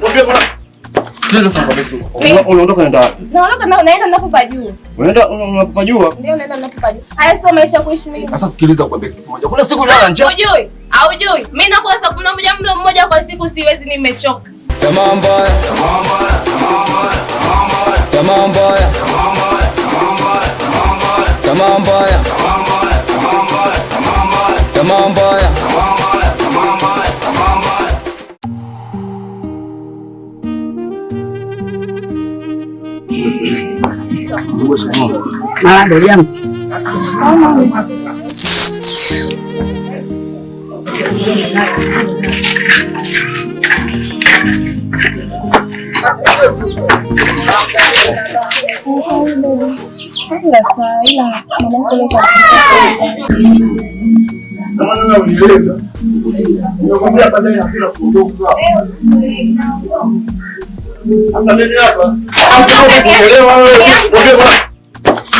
我别不了。Sikiliza sasa baba, unaondoka unaenda Naondoka na unaenda ninapopajua. Unaenda unapopajua? Ndio naenda ninapopajua. Haya sio maisha kuishi mimi. Sasa sikiliza kwambie kitu kimoja. Kuna siku nilala njaa. Hujui? Haujui. Mimi nakula saa 11 mlo mmoja kwa siku siwezi nimechoka. Jamaa mbaya. Jamaa mbaya. Jamaa mbaya. Jamaa mbaya. Jamaa mbaya. Jamaa mbaya. bagus kamu. Malah dulu yang. Enggak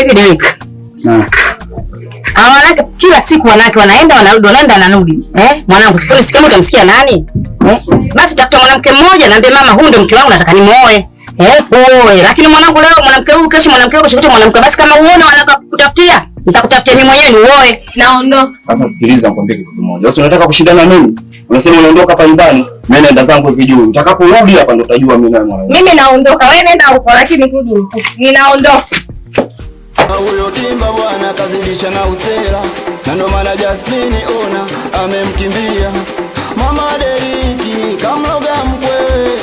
hivi Ah. wanawake kila siku wanawake wanaenda wanarudi wanaenda wanarudi. Eh, mwanangu siku sikia utamsikia nani? Eh? Basi tafuta mwanamke mmoja naambie mama huyu ndio mke wangu nataka nimuoe. Eh, oe. Lakini mwanangu leo mwanamke huyu kesho mwanamke huyu kesho mwanamke basi kama uone wanataka kukutafutia nitakutafutia mimi mwenyewe niuoe. Naondoka. Sasa sikiliza nikwambie kitu kimoja. Wewe unataka kushindana na mimi? Unasema unaondoka hapa nyumbani. Mimi naenda zangu hivi juu. Nitakaporudi hapa ndo utajua mimi na mwanangu. Mimi naondoka. Wewe nenda huko lakini kudu. huko. Ninaondoka. Huyo Dimba bwana kazidisha na usera, na ndo maana Jasmine ona amemkimbia mama Deriki, kamloga mkwe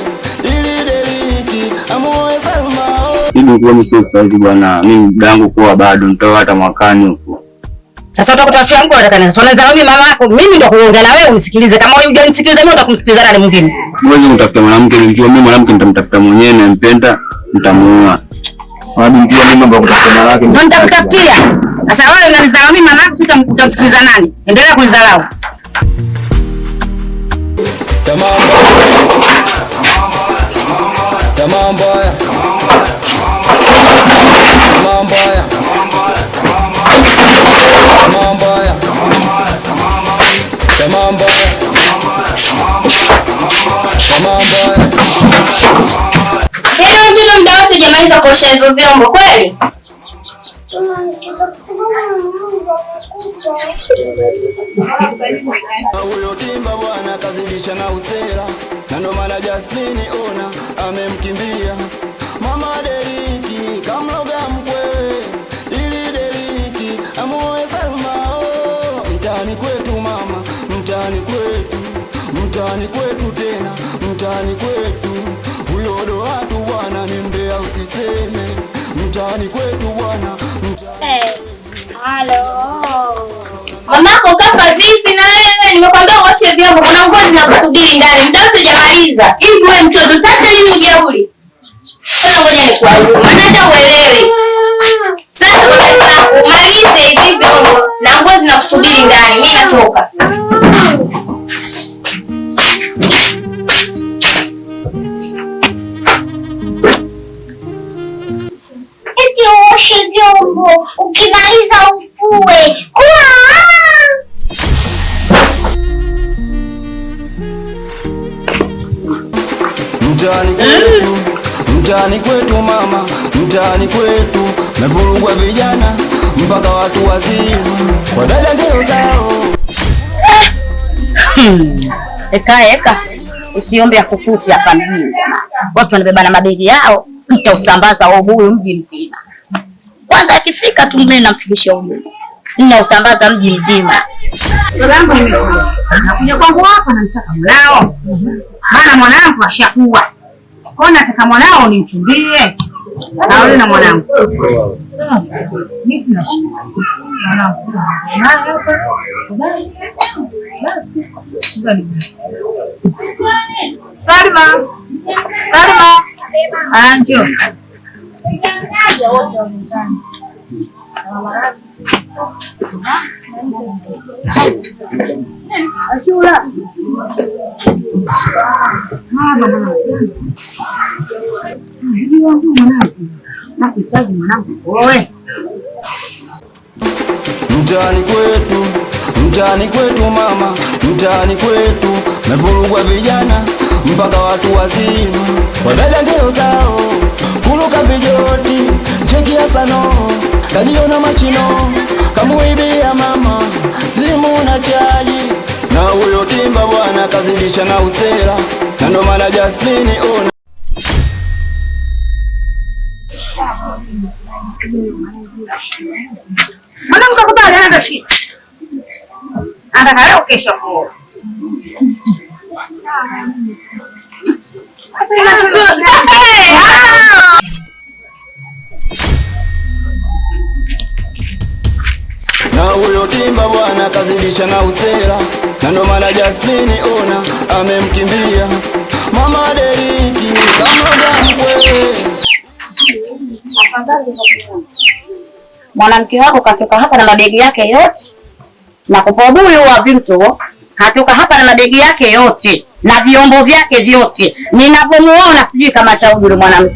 ili Deriki amuoe Salma. Mimi sio sasa hivi bwana, mimi dangu kuwa bado nitoa hata mwakani huko. Sasa utakutafutia mko atakana. Sasa unaweza mimi mama yako mimi ndo kuongea na wewe unisikilize. Kama wewe hujanisikiliza mimi utakumsikiliza nani mwingine? Mwezi mtafuta mwanamke nilijua mimi mwanamke nitamtafuta mwenyewe nampenda nitamuoa. Mtamtafutia sasa. Wewe unanizarau mimi, maana utamsikiliza nani? Endelea kunizarau. Tamam, tamam, tamam. osha hivyo vyombo kweli? Huyo Dimba bwana kazidisha na usera, na ndo maana Jasmine ona amemkimbia mama Deriki, kamloga mkwewe ili Deriki amuoe Salma. Oh, mtani kwetu mama, mtani kwetu, mtani kwetu tena, mtani kwetu huyo watu bwana ni mbea, usiseme mtaani kwetu bwana. Mamako kaka, vipi na wewe? Nimekwambia uoshe vyombo, kuna nguo zinakusubiri ndani, muda wetu hujamaliza. Hivi wewe mtoto tata nini ujeuri? Sasa ngoja nikuambie, maana hata uelewi. Sasa malize hivi vyombo na nguo zinakusubiri ndani, mimi natoka. mtaani eh? kwetu, mtaani kwetu mama, mtaani kwetu mevurugwa vijana mpaka watu wazima, dada ndio zao. Eh! Hmm. Eka eka, usiombe akukuti hapa mjini. Watu wanabeba na mabegi yao, mtausambaza huyu mji mzima. Kwanza akifika tu mimi namfikishia ujumbe usambaza mji mzima. Nakuja kwangu hapa, namtaka mwanao, maana mwanangu ashakuwa kwao, nataka mwanao nimchumbie awe na mwanangu. Salma, Salma, ah, anjo Mtaani kwetu, mtaani kwetu mama, mtaani kwetu mevurugwa vijana mpaka watu wazima, wadada ngeo zao kuluka vijoti, cheki ya sanoo Taliona machino kamuibia mama simu na chaji, na huyo Dimba bwana kazidisha na usela, na ndo maana Jasmine ona timba bwana kazidisha na usera, na ndo maana Jasmine ona amemkimbia mama Deriki kamodamkwe. Mwanamke wako katoka hapa na mabegi yake yote na kupobuyu wa vitu katoka hapa na mabegi yake yote na vyombo vyake vyote, ninavyomuona sijui kama ataujule mwanamke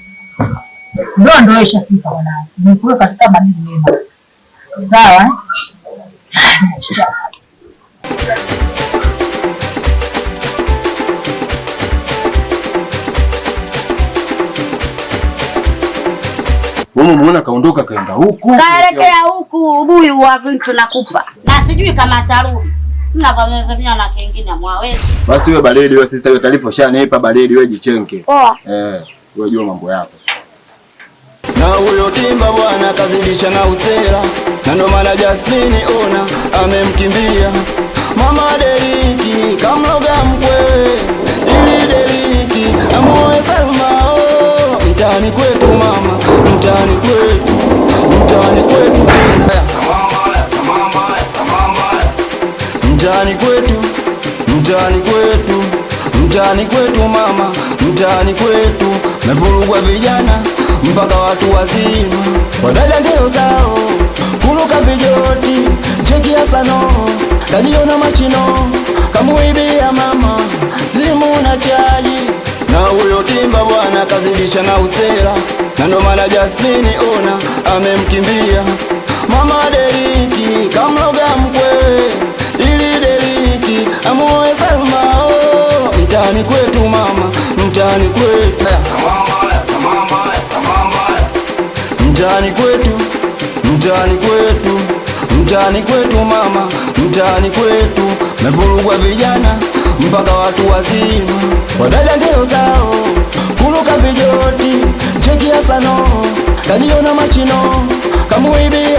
Ndoa ndoa ishafika wanangu, nikuwe katika maadili mema, sawa Mama muona kaondoka kaenda huku. Kaelekea huku ubuyu wa vitu nakupa. Na sijui kama tarudi. Mna vamevamia na kingine mwawezi. Basi wewe baridi wewe sister, hiyo taarifa ushanipa baridi wewe jichenke. Poa. Oh. Eh, wewe jua mambo yako na huyo Dimba bwana kazidisha na usela, na ndo maana Jasmini ona amemkimbia mama Deriki, kamloga mkwewe ili Deriki amuoe Salma. Oh, mtani kwetu mama, mtani kwetu, mtani kwetu mtani kwetu mtani kwetu mtani kwetu mama mtani kwetu mevurugwa vijana mpaka watu wazima, wadada ndeo zao kuluka vijoti, cheki ya sano na machino, kamuibia mama simu na chaji, na huyo timba bwana kazidisha na usela, na ndo maana Jasmine ona amemkimbia mama Deriki, kamloga mkwewe ili Deriki amuoe Salma. Oh, mtani kwetu mama, mtani kwetu mtani kwetu, mtani kwetu, mtani kwetu mama, mtani kwetu mevurugwa vijana mpaka watu wazima, wadada ndio zao kuruka vijoti, cheki ya sano kajiona machino kamuibia